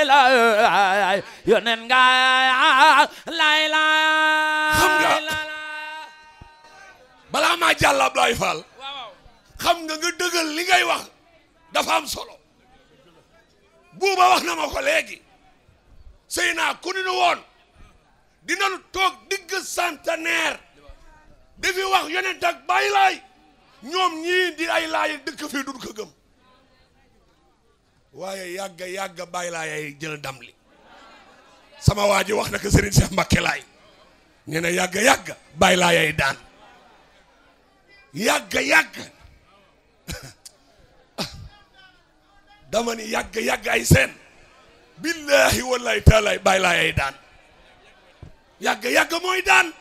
layla yonen nga layla xam nga balaa maa jàll Ablaye Fall xam nga nga dëggal li ngay wax dafa am solo buuba wax na ma ko léegi sëy naa ku ni nu woon dinañu toog digg centenaire dafi wax yonent ak bàyyi laay ñoom ñii di ay laay dëkk fii duñ ko gëm waaye yàgga yàgga bàyyi laa yay jël dam li sama waa ji wax na ko Serigne Cheikh Mbacké laay nee na yàgga yàgga bàyyi laa dama ni yàgga yàgga ay seen billaahi wallahi taalaay bàyyi daan yàgga yàgga mooy daan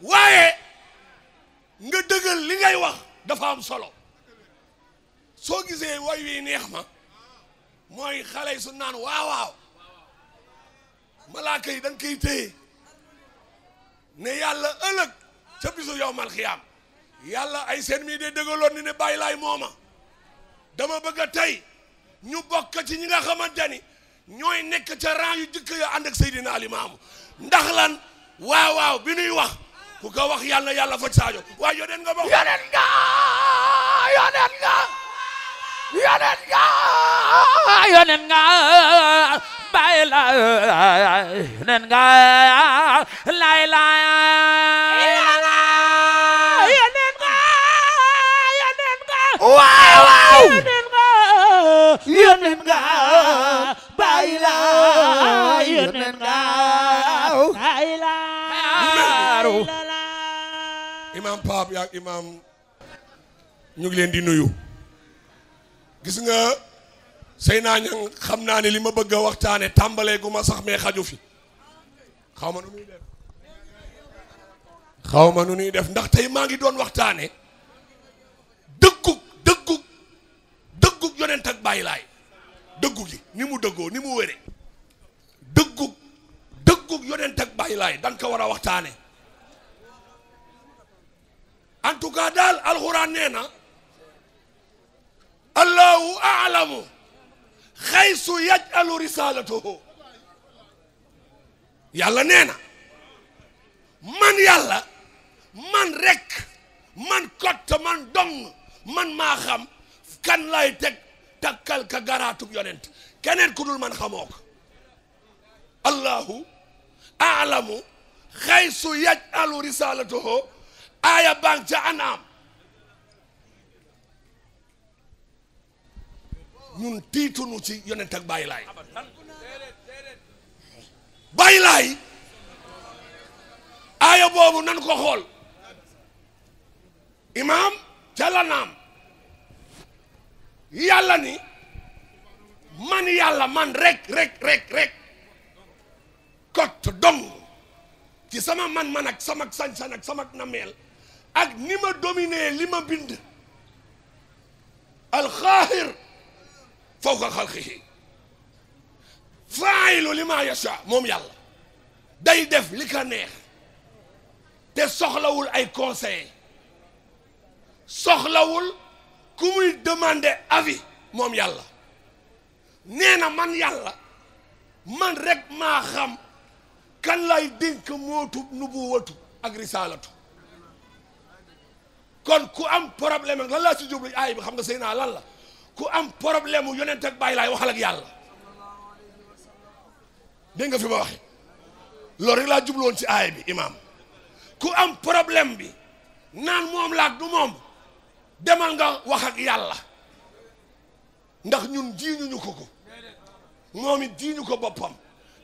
waaye nga dëggal li ngay wax dafa am solo soo gisee way wi neex ma mooy xale yi su naan waaw waaw malaaka yi da nga koy téye ne yàlla ëllëg ca bisu yow mal xiyaam yàlla ay seen mii de dëggaloon ni ne bàyyi mooma dama bëgg a tey ñu bokka ci ñi nga xamante ni ñooy nekk ca rang jëkk ya ànd ak Seydina Limaamu ndax lan waaw waaw bi nuy wax ku ko wax yàlla yàlla faj saajo waaye yoneen nga bokk yoneen nga yoneen nga yoneen nga yonen nga bay la yonen nga lay la yonen nga yonen nga waaw waaw yonen nga yonen nga bay la yonen nga bay la imam Pape yaak imam ñu ngi leen di nuyu gis nga sëy naa ñang xam naa ne li ma bëgg a waxtaane tàmbalee gu ma sax mais xaju fi xaw ma nu nuy def xaw ma nu nuy def ndax tey maa ngi doon waxtaane dëggug dëggug dëggug yonent ak bàyyi laay dëggu gi ni mu dëggoo ni mu wére dëggug dëggug yonent ak bàyyi laay dañ war a waxtaane en tout cas daal alxuraan nee na allahu aalamu حيث يجعل رسالته يلا نينا من يلا من رك من كت من دم من ما خم كان لا يتك تكال كغاراتو يونت كنن كدول من خموك الله أعلم حيث يجعل رسالته آية بانجا أنام ñun tiitunu ci yonent ak bàyyi laay bàyyi laay aaya boobu nan ko xool imaam ca la naam yàlla ni man yàlla man rek rek rek kot dong ci sama man-man ak sama sañ ak sama nameel ak ni ma dominé li ma bind فوق خلقه فاعل لما يشاء موم يلا داي ديف لي كان نيه تي سوخلاول اي كونساي سوخلاول كوموي دوماندي افي موم يلا نينا مان يلا مان ريك ما خام كان لاي دينك موتو نبوتو اك رسالتو كون كو ام بروبليم لان لا سي جوبلي اي خمغا سينا لان لا ku am problème mu yonent ak bàyyi laay waxal ak yàlla dégg nga fi ma waxe loolu rek laa jubloon ci aay bi imaam ku am problème bi naan moom laa du moom demal nga wax ak yàlla ndax ñun jiiñuñu ko ko moom it jiiñu ko boppam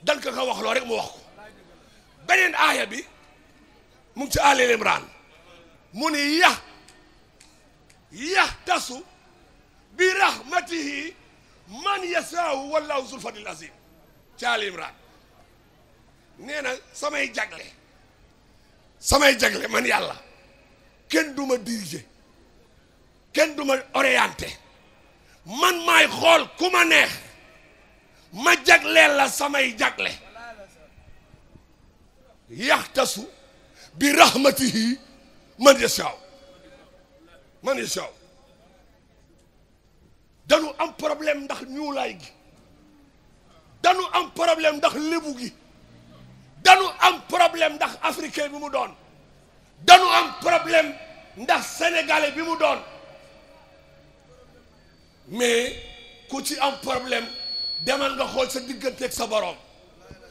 dan ko wax loo rek mu wax ko beneen aaya bi mu ngi ci Aali Imraan mu ni ya tasu bi rahmatihi man yasaahu wallahu zul fadlil azim ci nee na samay jagle samay jagle man yàlla kenn du ma diriger kenn du ma man maay xool ku ma neex ma jagleel la samay jagle yaxtasu bi rahmatihi man yasaahu man yasaahu dañu am problème ndax ñuulaay gi danu am problème ndax lébu gi danu am problème ndax africain bi mu doon danu am problème ndax sénégalais bi mu doon mais ku ci am problème demal nga xool sa digganteeg sa boroom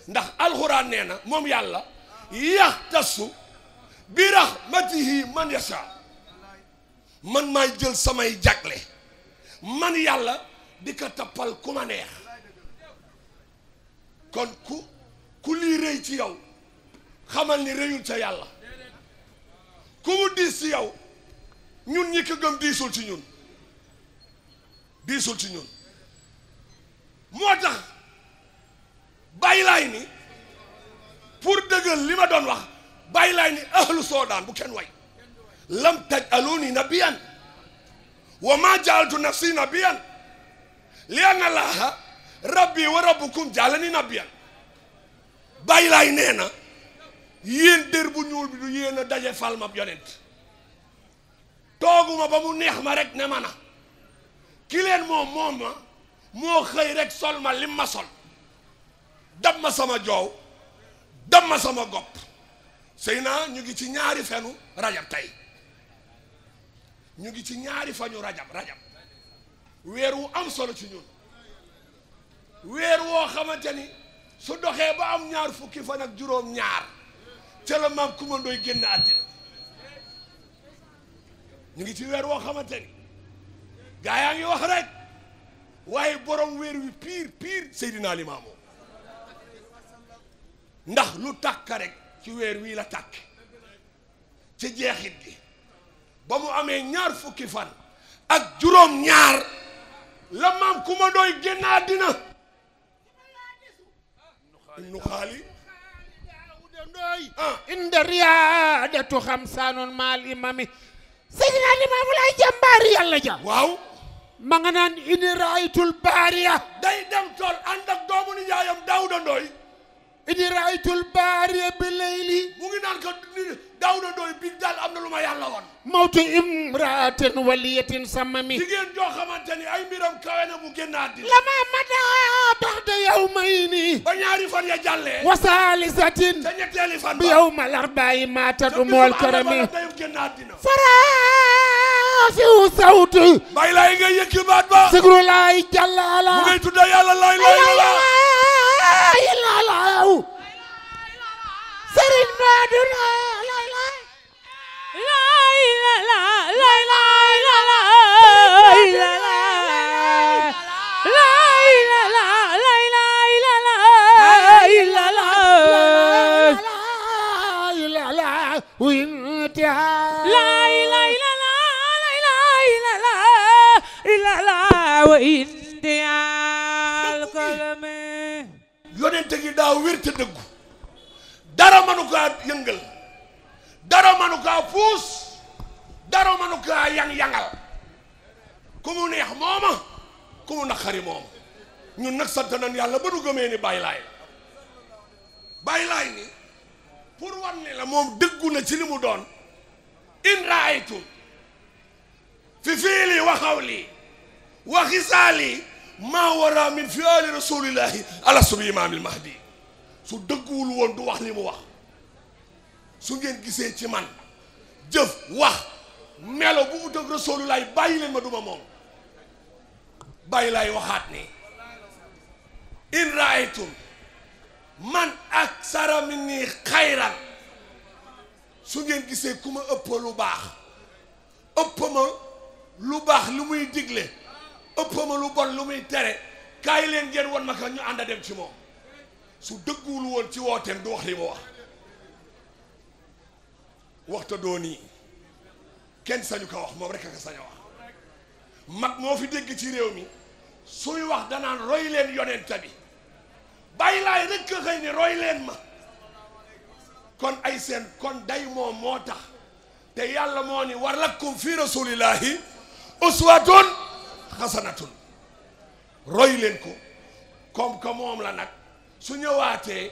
ndax alxuraan nee na moom yàlla yaxtasu bi rahmatihi man yasha man maay jël samay jagle man yàlla di ko tappal ku ma neex kon ku ku lii rëy ci yow xamal ni rëyul ca yàlla ku mu diis ci yow ñun ñi ko diisul ci ñun diisul ci ñun moo tax bàyyi laay ni pour dëggal li ma doon wax bàyyi laay ni ahlu soodaan bu kenn way lam taj aloo ni nabiyan وما جعلت نفسي نبيا لأن الله ربي وربكم جعلني نبيا bàyyi laay nee na yéen dër bu ñuul bi du yéen a daje fal ma tooguma ba mu neex ma rek ne mana na ki leen moom moom moo xëy rek sol ma lim ma sol dab ma sama joow damma ma sama gopp sëy naa ñu ngi ci ñaari fenu rajab tey ñu ngi ci ñaari fañu rajab rajab weer wu am solo ci ñun weer woo xamante su doxee ba am ñaar fukki fan ak juróom ñaar ca la maam kumandooy génn àddina ñu ngi ci weer woo xamante ni gaa yaa ngi wax rek waaye boroom weer wi piir piir Seydina Limaamu ndax lu tàkk rekk ci weer wii la tàkk ci jeexit gi ba mu amee ñaar fukki fan ak juróom ñaar la maam ku ma doy génnaa dina ibnu xaali ah. inda riyaadatu xamsaanun maal imami seydina limaamu laay jàmbaar yàlla ja waaw ma nga naan ini raaytul baariya day dem tool ànd ak doomu nijaayam daawda ndooy idi raytul baari bi layli mu ngi naan ko daaw na dooy bi daal am na lu ma yàlla woon mawtu imraatin waliyatin samami jigéen joo xamante ni ay mbiram kawe na mu génn àddina lama mada baxda yawmayni ba ñaari fan ya jàllee wa saalisatin sa ñetteeli fan bi yawmal arbaayi maata du mool karami génn àddina fiw sawti bay laay ngay yëkki baat ba sigru laay jàllaala mu ngay tudda yàlla laay laay la daw sëriñ Badu lay lay lay lay lay lay lay وإن دعا kóolute gi daa te dëggu dara manu kaa dara manu kaa puus dara manu kaa yang-yangal ku mu neex mooma ku mu naqari mooma ñun nag sant nañ yàlla ba du gëmee ni bàyyi laay ni pour wan ne la moom dëggu na ci li mu doon in raaytum fi fiili waxaw lii waxisaalii maa wara min fiali rasulillahi imaamil mahdi su dëgguwul woon du wax li mu wax su ngeen gisee ci man jëf wax melo bu mu dëgg rasulullahi ma duma moom bàyyi laay waxaat ni in raaytum man ak sara minni xayran su ngeen gisee ku ma ëpp lu baax ëpp ma lu baax li muy digle ëpp ma lu bon lu muy tere kaay leen ngeen won ma ko ñu ànd a dem ci moom su dëgguwul woon ci wooteem du wax li mu wax waxta doon yi kenn sañu ko wax moom rek aka sañ a wax mag moo fi dégg ci réew mi suy wax danaan roy leen yonent bi bàyyi laay rek ka ni roy leen ma kon ay seen kon day moom moo tax te yàlla moo ni war lakum fi rasulillahi uswatun xasanatun roy ko comme que moom la nag su ñëwaatee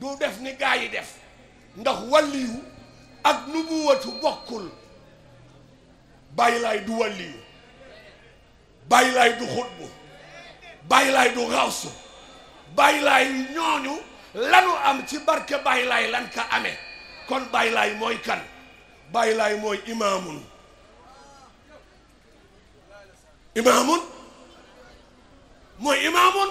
du def ni gaa def ndax walliyu ak nubuwatu bokkul bàyyi laay du walliyu bàyyi laay du xutbu bàyyi laay du xawsu bàyyi ñooñu lanu am ci barke bàyyi lan ka amee kon bàyyi laay mooy kan bàyyi mooy imaamun imaamun mooy imaamun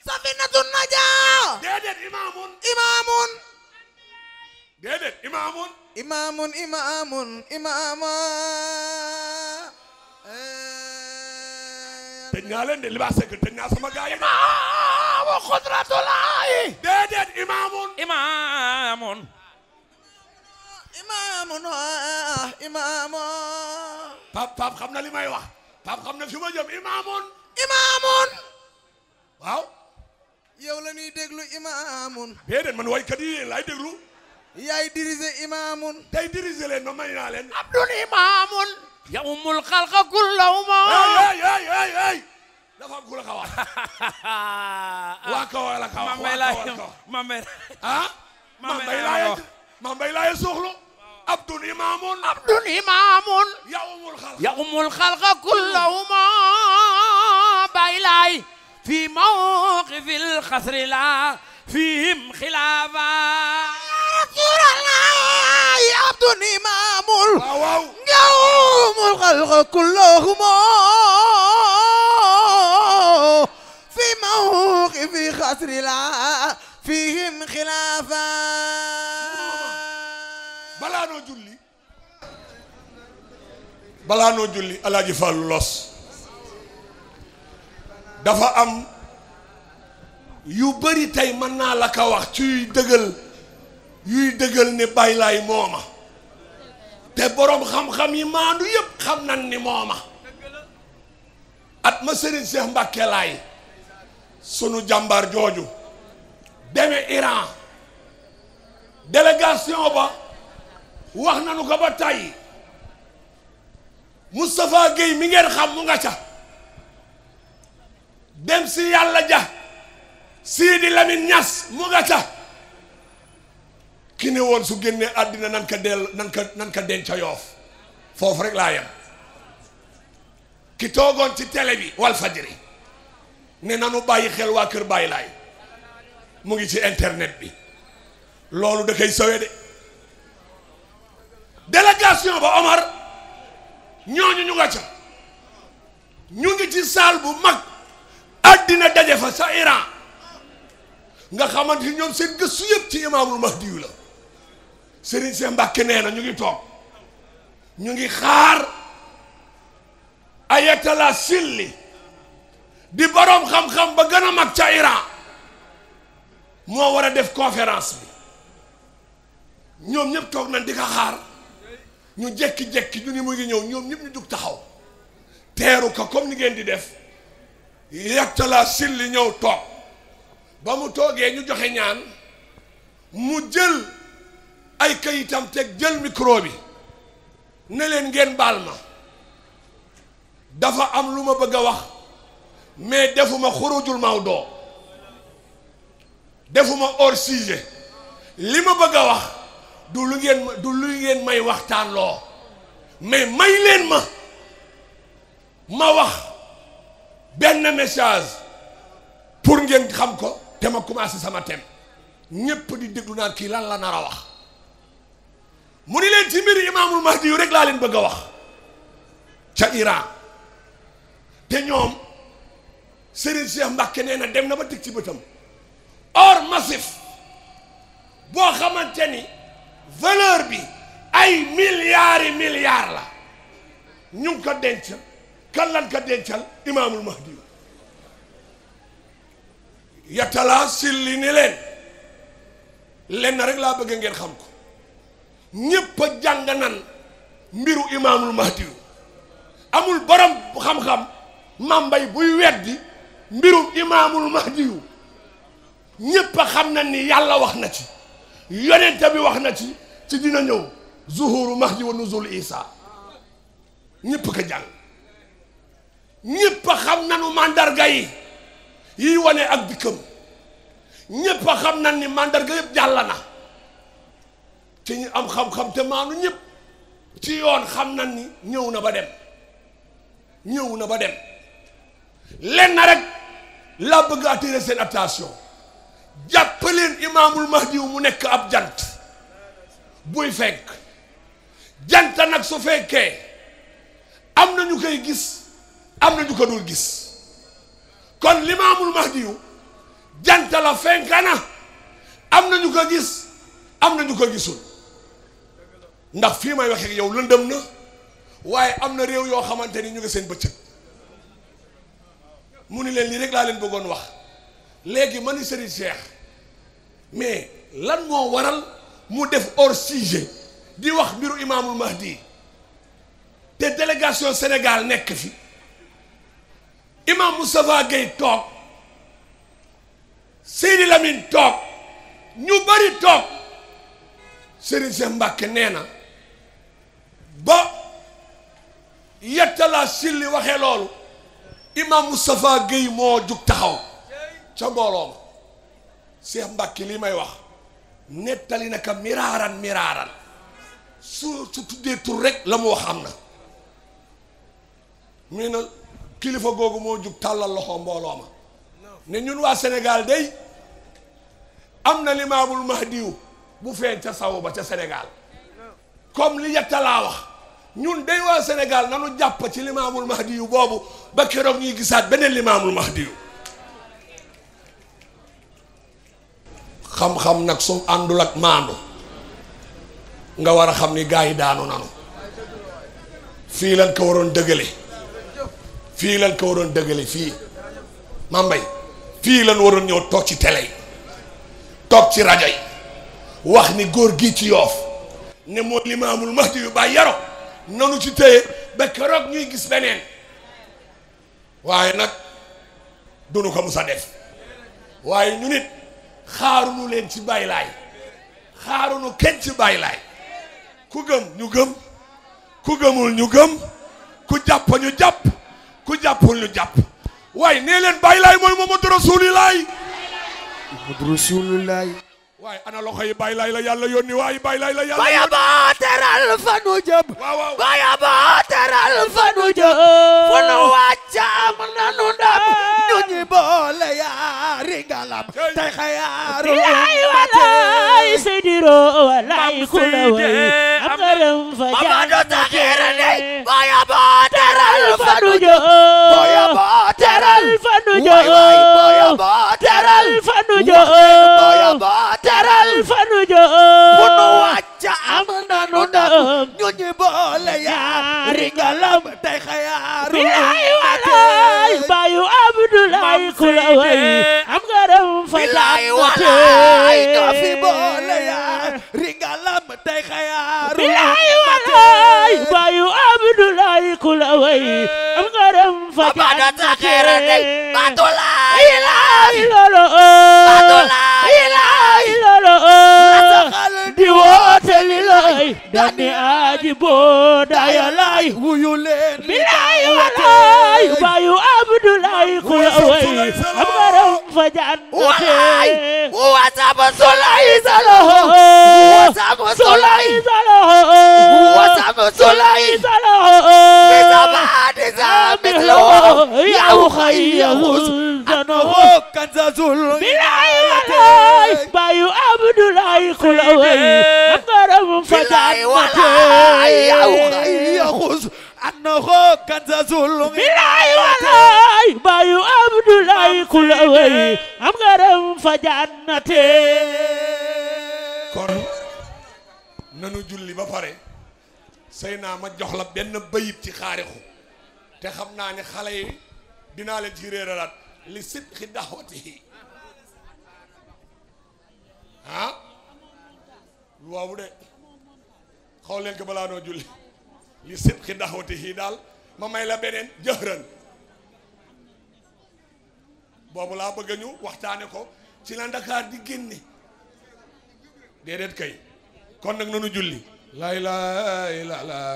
safinatu najaa déedéet imaamun imaamun déedéet imaamun imaamun imaamun imaama eh. tëj naa leen de li baa sekk tëj naa sama gaay imaamu xudratulaahi déedéet imaamun imaamun imaamun imaamun pap pap xam na li may wax Pape xam na fi ma jëm imaamoon. imaamoon. waaw. yow la ñuy déglu imaamoon. déedéet man waykat yi yéen laay déglu. yaay diriger imaamoon. tey diriger leen ma may naa leen. Abdul imaamoon. ya umul xalqa kullawma. hey hey hey hey. dafa am ku la kawaat. waa kawa la عبد إمام عبد إمام يؤم الخلق يؤم الخلق كلهما بإلهي في موقف الخسر لا فيهم خلافا يا عبد إمام يؤم الخلق كلهما في موقف خسر لا فيهم خلافا balaa noo julli alaaji fàllu los dafa am yu bari tey mën naa la ko wax ci yuy dëggal yuy dëggal ne bàyyi laay mooma te boroom xam-xam yi maandu yépp xam nan ni mooma at ma sëriñ Seex Mbàkke sunu jàmbaar jooju demee Iran délégation ba wax nanu ko ba tey Mustafa Gueye mi ngeen xam mu nga ca dem si yalla ja Sidi Lamine Niass mu nga ca ki ne woon su genné adina nan ka del nan ka nan ka ca yof fof rek la yam ki togon ci télé bi wal fajri ne nanu bayyi xel wa kër bayyi lay mu ngi ci internet bi lolou da kay sawe dé délégation ba Omar ñooñu ñu ñu ca ñu ngi ci saal bu mag àddina daje fa sa Iran nga xamante ni ñoom seen gëstu yëpp ci imaamul ma yu la Serigne Cheikh nee na ñu ngi toog ñu ngi xaar ayatala silli di boroom xam-xam ba gën a mag ca Iran moo war a def conférence bi ñoom ñëpp toog nañ di ko xaar ñu jekki-jekki ñu ni mu ngi ñëw ñoom ñëpp ñu jug taxaw teeru ko comme ni ngeen di def yettalaa silli ñëw toog ba mu toogee ñu joxe ñaan mu jël ay kayitam teg jël micro bi ne leen ngeen baal ma dafa am lu ma bëgg a wax mais defuma xurujul doo defuma hors sujet li ma bëgg a wax du lu ngeen ma du lu may waxtaan loo mais may leen ma ma wax benn message pour ngeen xam ko te ma commencé sama thème ñépp di déglu naan kii lan la nar a wax mu ni leen ci mbiri imaamul mahdi yu rek laa leen bëgg a wax ca Iran te ñoom Serigne Cheikh Mbacke nee na dem na ba teg ci bëtam or massif boo xamante ni valeur bi ay milliards yi milliards la ñu ngi ko dencal kan lan ko dencal imaamul mahdi yattalaa silli ni leen lenn rek laa bëgg ngeen xam ko ñépp a mbiru imaamul mahdi amul borom xam-xam mambay buy weddi mbiru imaamul mahdi ñépp a xam na ni yàlla wax na ci yonente bi wax na ci ci dina ñëw zuhuru mahdi wa nuzul isa ñëpp ko jàng ñëpp a xam nanu mandarga yi yiy wane ak dikkam ñëpp a xam na ni mandarga yëpp jàll na ci ñu am xam-xam te maanu ñëpp ci yoon xam na ni ñëw na ba dem ñëw na ba dem lenn rek laa bëgg attirer seen jàppaleen imaamul mahdiw mu nekk ab jant buy fenk jant nag su fekkee am na ñu koy gis am na ñu ko dul gis kon limaamul mahdiw jant la fenkana am na ñu ko gis am na ñu ko gisul ndax fii may waxee yow lëndëm na waaye am na réew yoo xamante ni ñu ngi seen bëccëg mu ni leen lii rek laa leen bëggoon wax léegi mën ni Serigne Cheikh mais lan moo waral mu def hors sujet di wax mbiru imaamul mahdi te délégation Sénégal nekk fi imaam Moustapha Gueye toog Seydi Lamine toog ñu bari toog Serigne Cheikh Mbacke nee na ba yettalaa silli waxe loolu imaam Moustapha Gueye moo jug taxaw ca mbooloom Cheikh Mbacke li may wax nettali na ka miraaran miraaran su su tuddee tur rek la mu wax am na mu ne kilifa googu moo jug tàllal loxo mbooloo ma ne ñun waa Sénégal day am na limaamul mahdiw bu feeñ ca saw ba ca Sénégal kom li yetta laa wax ñun day waa Sénégal nanu jàpp ci limaamul mahdiw boobu ba keroog ñuy gisaat beneen limaamul mahdiw xam-xam nag su àndul ak maandu nga war a xam ni gars yi daanu nanu fii lan ko waroon dëgale fii lan ko waroon dëgale fii mambay fii lan waroon ñëw toog ci tele yi toog ci rajo yi wax ni góor gi ci yoof ne mooy limaamul mahdi yu bàyyi yaro nanu ci téye ba keroog ñuy gis beneen waaye nag dunu ko musa def waaye ñu nit xaarunu leen ci bàyyi lay xaarunu kenn ci bàyyi laay ku gëm ñu gëm ku gëmul ñu gëm ku jàpp ñu jàpp ku jàppul ñu jàpp waaye nee leen bàyyi laay mooy Muhammadu Rasuulullaay Muhammadu Rasuulullaay waaye ana loxo yi bàyyi laay la yàlla yónni waaye bàyyi laay la yàlla. baya ba teral fa nu jëm. waaw waaw baya ba ñu boole yaa ringalam tey xayaaru bilaay walaay bayu Abdoulaye ku la way am nga dem fa laay walaay ñoo fi boole yaa ringalam tey xayaaru bilaay walaay bayu Abdoulaye ku la way eh. am nga dem fa bada taxere dey batola ilaay lolo batola eh. ilaay lolo eh. di woote li lay dani the board, I lie. Who you let me lie? lie. By you, Abdullah, who away. I'm going to Fajan. Why? What's up? So lie is alone. What's up? So lie is alone. What's up? So lie is alone. It's a bad, it's a low. Yahoo, Hayahoo. By you, Abdullah, who away. I'm going to Fajan. ياخذ إيه. أنه كان ظلم بالله والله بايو عبد الله كل أوي أم غرم فجنتي كون نانو جولي با باري سينا ما جوخ لا بن بيب تي خاريخو te xam naa ne xale yi dinaa leen ci réeralaat li sidqi daxwatihi ah waaw de xool leen ko balaa noo julli li sidqi daxwatihi daal ma may la beneen jëhran boobu laa bëgg ñu waxtaane ko ci la ndakaar di génne déedéet kay kon nag nanu julli lay lay la